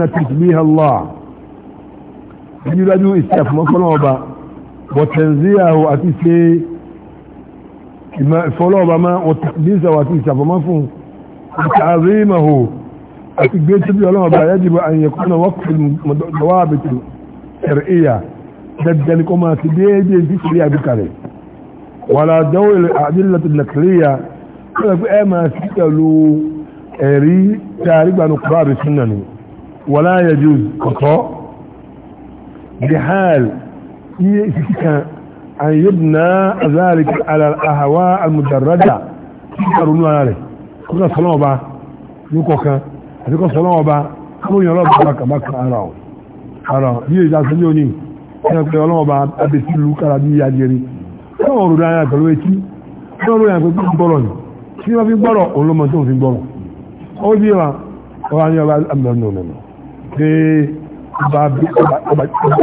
أحسن تسبيح الله يجب إسياف مصنوبة وتنزيه أتيسي فلوبة ما وتقديسه وأتيسي فمفهوم وتعظيمه أتقبل تبيه لهم يجب أن يكون وقف الضوابط الشرعية ذلك ما تبيه في شريعة بكره ولا دور الأدلة النقلية كيف أما سيكلوا ẹ̀rí tí a rí gbanú kúrò àbí súnnà ni ولا يجوز قطاع بحال أن يبنى ذلك على الأهواء المدردة يقولون عليه كنا صلاة با يقوكا أتكون صلاة با كانوا يرى بك بك أراو أراو يجي جاء سنيوني أنا كنت يقولون با أبسي لوكا ربي يجيري كانوا يقولون لنا كانوا يتي كانوا يقولون لنا كنت بلوني كنت بلوني ولما تنفي بلوني أولي يرى وعني الله أمرنا منه pé ìbágbọ̀rọ̀gbọ̀rọ̀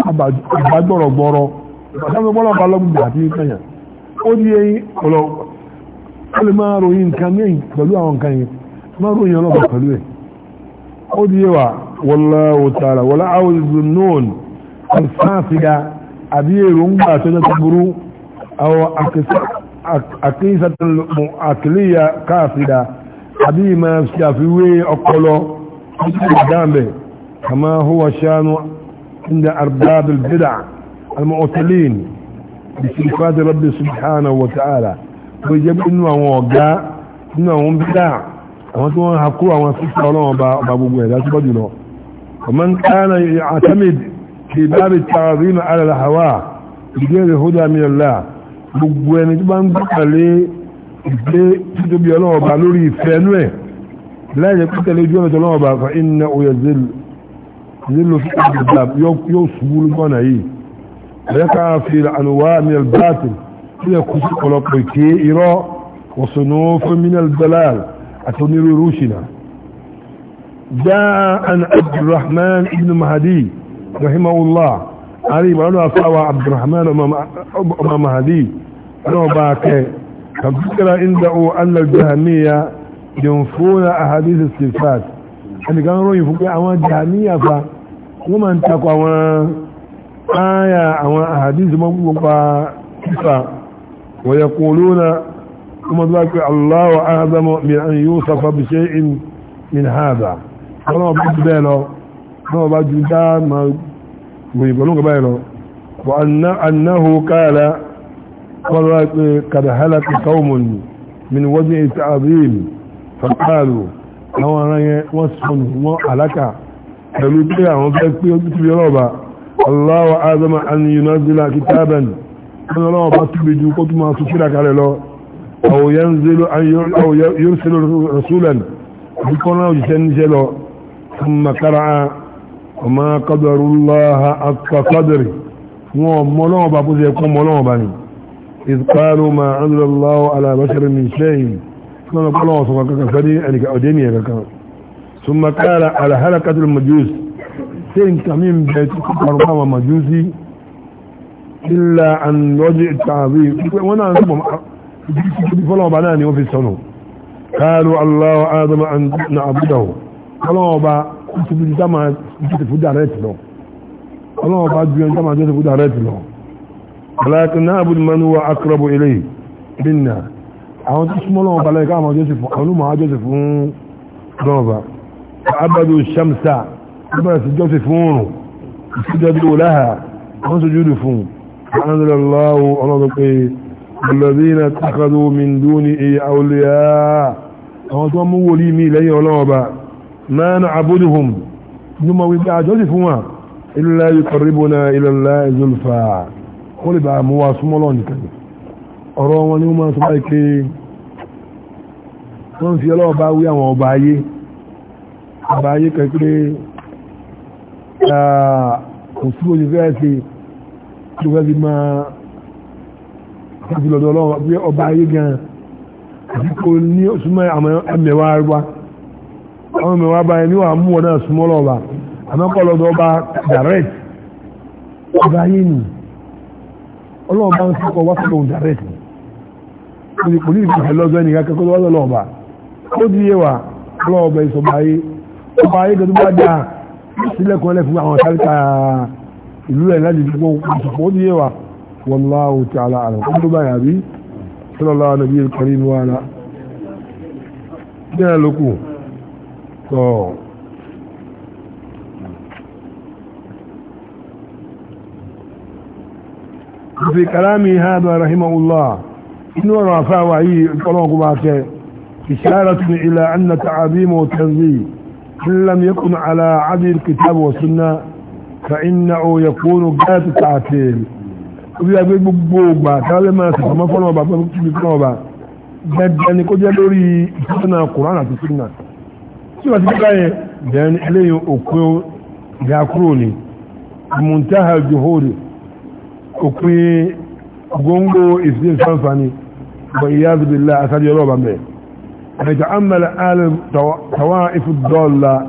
ìbágbọ̀rọ̀ bá lọ́gbùgbà àti ìkẹyà ó ní ẹyìn ọ̀lọ́ ó lè máa ròyìn nǹkan mẹ́yìn pẹ̀lú àwọn nǹkan yìí máa ròyìn ọlọ́gbà pẹ̀lú ẹ̀ ó di ẹwà wọlá òtàrà wọlá áwòzù nọ́ọ̀n alfáàfíà àbí èròǹgbà tó jẹ́ burú àwọn àkíyèsàtàlùmọ̀ àkìlíyà káàfíà àbí ìmọ̀ àfiwé ọpọlọ ìdáǹbẹ̀ كما هو شان عند أرباب البدع المعتلين بصفات رب سبحانه وتعالى ويجب إنه وقع إنه بدع àwọn tí wọ́n hakú àwọn sísá ọlọ́wọ́n bá gbogbo ẹ̀dá tí bọ́dì lọ ọmọn kánà àtàmìd ti bábi tààrínà alàlàhàwà ìgbẹ̀rẹ̀ hódà mìírànlá gbogbo ẹni tí bá ń gbọ́kànlé ìgbé títóbi ọlọ́wọ́n bá lórí ìfẹ́ nú ẹ̀ láìjẹ́ pẹ́tẹ̀lé ojú ọ̀nà tọ́lọ́wọ́n bá fa iná oyazil nílò islam yóò ṣubú lọ́nà yìí ẹ̀yẹ́ká fi ànúwà minal batil tí yẹ kú sí ọ̀pọ̀lọpọ̀ ìké irọ́ wọ̀sánú fún minal dalal àti onírúurú ṣìnà جاء عن عبد الرحمن بن مهدي رحمه الله علي بن أصحاب عبد الرحمن أمام مهدي أنه باكي كم فكرة عنده أن الجهمية ينفون أحاديث الصفات أن كانوا ينفقوا أمام الجهمية فهو wọ́n máa ń takọ àwọn ááyà àwọn àhàdíìsì mọ́gbọ́n pa kífà wọ́n yẹ kún olóòna wọ́n máa dúbà pé Allahu a'zamu min an yusafa bi shay'in min hadha wọ́n máa bá jù bẹ́ẹ̀ lọ wọ́n bá jù dá máa gbòyìn pẹ̀lú pẹ̀lú pé àwọn fẹ́ pé ojú ti ọlọ́ọ̀bá Allahu azama an yunazila kitaban wọn ọlọ́wọ́ bá tóbi ju kó tó máa tún síra kalẹ̀ lọ aw yanzilu an yursilu rasulan àti kọ́ náà òjìṣẹ́ níṣẹ́ lọ ọmọ qadarullaha haqqa qadri wọn mọ́lọ́wọ́ bá bó bá ni إذ قالوا ما أنزل الله على بشر من شيء كما قالوا سبحانك فدي أنك ثم قال على هلكة المجوس سين كمين بيت قربا ومجوسي إلا أن رجع التعظيم وانا أنتم فلو بناني وفي السنو قالوا الله آدم أن نعبده فلو با كنت بنتما جيت فدا ريتلو فلو با بنتما جيت فدا ريتلو ولكن نعبد من هو أقرب إليه منا àwọn tó súnmọ́ lọ́wọ́ balẹ̀ káàmà joseph àwọn olùmọ̀ joseph ń عبدوا الشمس عبدوا سجدوا فون سجدوا لها وسجدوا فون الحمد لله الله الذين اتخذوا من دونه أولياء وصموا لي ميلي ولوبا ما نعبدهم ثم وقعدوا فون إلا يقربنا إلى الله زلفا قل بقى مواصم الله نكلم ọ̀rọ̀ wọn ni wọ́n máa sọ báyìí ọba ayé kẹ́kẹ́ kò sí fẹ́ ṣe tó fẹ́ fi máa ìfìlọ̀dọ̀ ọlọ́wọ́ pé ọba ayé gan àti kò ní súnmọ́ àmẹ́wà wa àwọn mẹ́wàá báyẹ̀ ní wà mú wọn náà súnmọ́ lọ́wọ́ àmẹ́kọ̀lọ́dọ̀ ọba direct ọba ayé nìí ọlọ́run bá ń sọ́kọ̀ wá sọ́kọ̀ direct ni kò ní ìfẹ́ lọ́gbẹ́ni kakẹ́kọ́ lọ́wọ́ lọ́ọ̀bà ó di yé wa lọ́ọ̀bà ìsọ̀bà ayé ọba ayé gẹ̀ẹ́dù bá dáa sílẹ̀kùn ẹlẹ́ fún àwọn sáríkà ìlú ẹ̀ láti fi wọ́n sọ̀pọ̀ ó díyẹ wa wallahu ta'ala àrùn ó tó báyà rí sọ́lọ́lá nàbí ìkọrí inú ara ní ẹlòkù tọ́ في كلامي هذا رحمه الله إن ورافع وعي القرآن كما إشارة إلى أن تعظيم وتنزيه إن لم يكن على عدل الكتاب والسنة فإنه يكون قات التعتيل وبيا بيبوبا تعالى ما سمع فما بابا بيبوبا gbẹ̀gbẹ̀ ni kó jẹ́ lórí ìtọ́nà kùránà àti sínà tí wọ́n ti gbẹ́gbẹ́ yẹn bẹ̀rẹ̀ ní eléyìn òpin ìdákúrò ní muntaha juhuri òpin gbóngbó ìsìn sanfani bọ̀ ìyá zubillah asájú ọlọ́ọ̀bà mẹ́rin يتعمل آل طوائف الضالة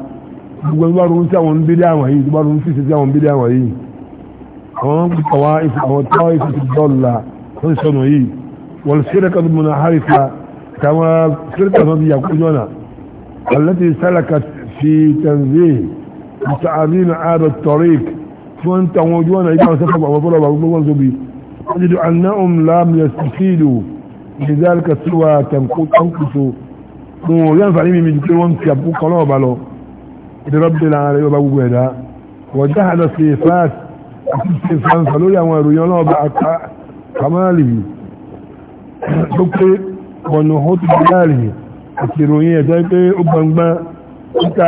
يقول بارون سوان بدا وهيد بارون في سوان بدا هم الطوائف أو الطوائف الضالة هم سنوهي والسركة المنحرفة كما سركة نبي يقولون التي سلكت في تنزيه مستعدين عاد الطريق فانت موجوانا يقول سفر أبو طلب أبو طلب أبو طلب أنهم لم يستفيدوا لذلك سوى تنقص mo rí àǹfààní mi ju pé wọ́n fi àbúkú kan lọ́wọ́ bá lọ ìdọ́rọ́ bí lára rẹ̀ ọba gbogbo ẹ̀dá wọ́n já àdọ́ sí france àti sí france lórí àwọn ìròyìn ọlọ́ọ̀bá kamali tó pé wọnú hotubalari àti ìròyìn ẹ̀dá pé ó gbangba níta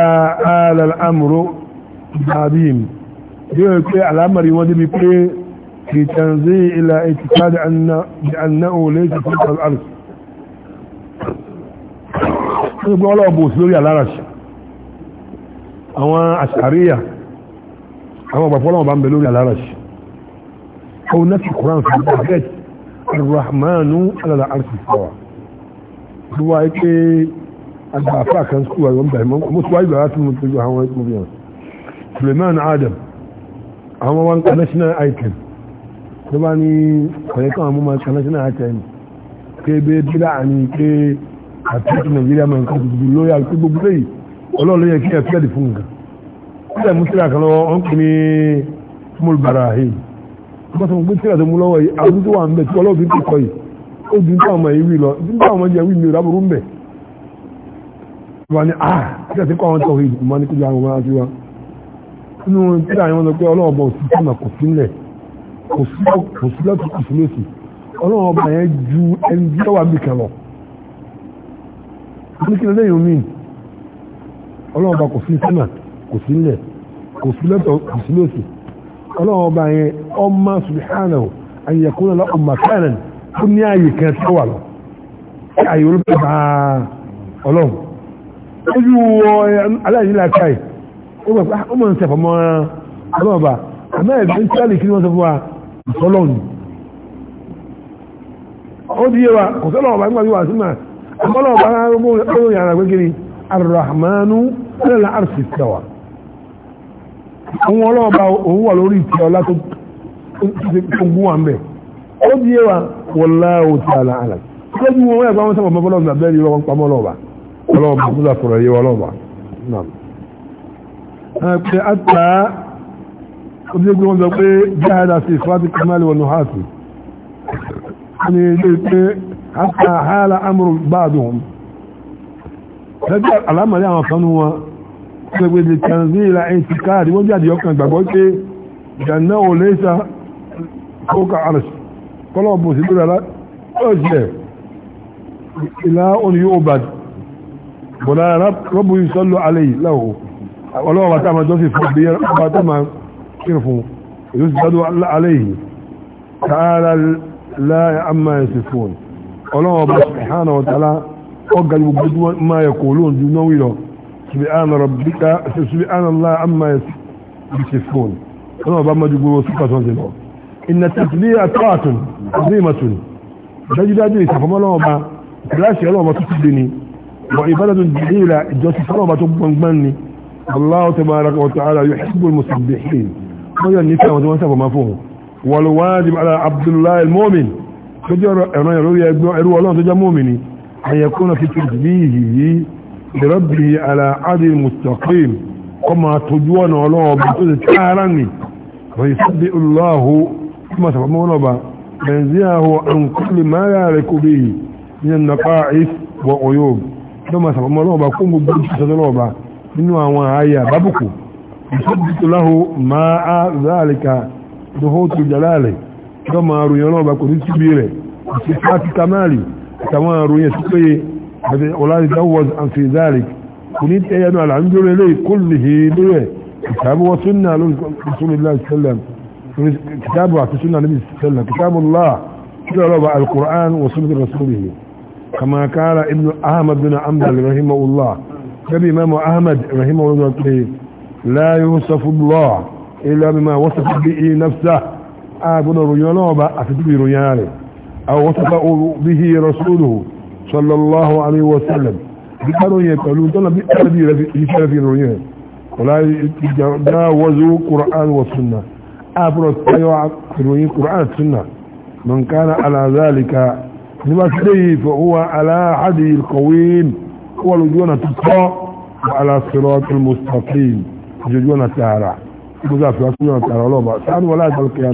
ààlà àmúrò ìbáàbíyìm yóò pé alámàrí wọn débi pé kìtànzí ilà ètìkádà annáhùn lẹ́sìn fún àrùn gbogbo ọlọ́ọ̀bù sí lórí aláràṣì àwọn àṣàríyà àwọn ọ̀pọ̀ ọlọ́ọ̀bù bá ń bẹ lórí aláràṣì òun náà ti kúrán sí bẹ́ẹ̀ arrahmanu alala arsi sawa ruwa ya ke agbafa kan suwa yawan bẹ̀rẹ̀ musu wáyé bẹ̀rẹ̀ tún mutu ju àwọn ẹgbẹ̀rẹ̀ bíyàn suleiman adam àwọn wọn national item tó bá ní kọ̀yẹ́kọ̀ àwọn mọ́ national item ké bẹ́ àní ké àtúntò nàìjíríà mọ nǹkan gbogbo lóyà pé gbogbo lẹ́yìn ọlọ́ọ̀lọ́ yẹ kí ẹ fẹ́ẹ̀dì fún nǹkan kílẹ̀ mú sílẹ̀ kan lọ́wọ́ ó ń pè ní múlù bàrà yìí wọ́n sọ pé sílẹ̀ tó mú lọ́wọ́ yìí àwọn tó wà ń bẹ̀ tí ọlọ́ọ̀bí tó kọ yìí ó dùn tó àwọn ìwì lọ dùn tó àwọn jẹ́ wí mi rábùrú ń bẹ̀ wọ́n ni ah kílẹ̀ tí kọ́ àwọn tó yìí mọ́ ní kíjọ àwọn ọmọ wa nínú kílẹ̀ àwọn sọ pé ọlọ́ọ̀bọ̀ òsì tó mà kò sílẹ̀ kò sílẹ̀ kò yẹn ju ẹni tí ó wà ń kan lọ nítorí lẹ́yìn omi ọlọ́run ọba kò sí sẹ́mà kò sí ilẹ̀ kò sí lọ́tọ̀ kò sí lọ́sì ọlọ́run ọba yẹn ọmọ subhanahu an yakuna lọ́kọ̀ makanan fún ní ààyè kan tó wà lọ ààyè olùkọ́ bá ọlọ́run ojú wọ aláìní làákà yìí ó gbà pé ó mọ̀ ń sẹ̀fọ̀ mọ́ ọlọ́run ọba àmọ́ ẹ̀bí ń tíwálì kí ni wọ́n sọ fún wa ìtọ́lọ́run ó di yé wa kò sọ́lọ́run ọba nígbà tí ọlọ́wọ́ bá rọrùn yàrá gbégiri arrahmanu lẹ́la arsi tẹwà àwọn ọlọ́wọ́ bá òun wà lórí ìtẹ́ ọlá tó gún wa mẹ́ ó di ẹwà wallahu ta'ala alam tó bí wọn ẹgbẹ́ wọn sábà mọ́bọ́lọ́ nígbà bẹ́ẹ̀ yíwọ́n pamọ́ lọ́wọ́ ọlọ́wọ́ bá kúlà fọ̀rọ̀ yíwọ́ lọ́wọ́ حتى حال أمر بعضهم lọ́jọ́ àlámọ̀lé àwọn kan wọn gbogbo ìtànzí ìlà ẹ̀sì káàdì wọ́n jáde ọkàn ìgbàgbọ́ pé ìjànà ò lẹ́sà kókà àrẹ̀sì kọ́lọ̀bù sí lórí aláṣẹ́ ìlà òní yóò bà bọ̀dá rọ́bù ìsọ́lọ̀ alẹ́ ìlàwó ọlọ́wọ́ ọlọ́wọ́ bá ṣàhánà ọ̀tàlá ọgbàlù gbogbo máa yẹ kó lóun ju náwó lọ subhana allah amma yasifun ọlọ́wọ́ bá mọ́jú gbogbo súpà tó ń ṣe lọ ìnà tàbí àtọ́àtùn àbímatùn dájúdájú ìsàfọ́mọ́lọ́wọ́ bá ìgbàláṣẹ́ ọlọ́wọ́ bá tó ti dé ni wọ ìbádọ́dún jìlá ìjọsìn fọ́lọ́wọ́ bá tó gbọngbọ́n ni tó jẹ́ ẹ̀rọ ẹ̀rọ ẹgbọ́n ẹrú ọlọ́run tó jẹ́ mọ́mìnì àyẹ̀kúnà fi tìjì bí ìhìyí ìrọ́bì àlà àdì mustaqim kọ́ máa tójú ọ̀nà ọlọ́ọ̀bà tó ti tààrà nì rẹ̀ sábẹ́ olùlọ́hù tí ma sàfàmọ́ ọlọ́ba bẹ̀nzíàhù àǹkúlì máyà rẹ̀ kò bí yẹn nàpá ìwọ̀ ọ̀yọ́ tó ma sàfàmọ́ ọlọ́ọ̀bà kó gbogbo ìṣẹ́ ọlọ́ọ̀bà nínú àwọn ààyè àbábùkù ìṣẹ́ wọ́n máa ròyìn ọlọ́ọ̀bá kò ní síbi rẹ̀ àti pàtí kamali àtàwọn àròyìn sí pé àti ọ̀làdìdáwọ̀s àti zalik kò ní ẹyẹnu àlàndóró ilé kólù hìlú rẹ̀ kìtàbù wọ́n súnà lórí súnmílá sẹ́lẹ̀m kìtàbù àti súnà níbi sẹ́lẹ̀m kìtàbù láà kí ọlọ́ọ̀bá alkùrán wọ́n súnmílá rasúlìhì kama kára ibn ahmad bin amdal rahimahullah gẹ́bí imam ahmad rahimahullah pé la yusufu allah illa bima wasafu bihi nafsahu آدنا ريالوبا أتدبي يعني. رياله أو وتبأ به رسوله صلى الله عليه وسلم بكانوا يتعلون دولا بأبي رسالة رياله ولا يتجاوزوا قرآن والسنة أبنا تأيوا رياله قرآن والسنة من كان على ذلك نمسلي فهو على حدي القويم هو لجونة وعلى صراط المستقيم جونة تارع وذا في أسنان تارع الله بأسان ولا تلقي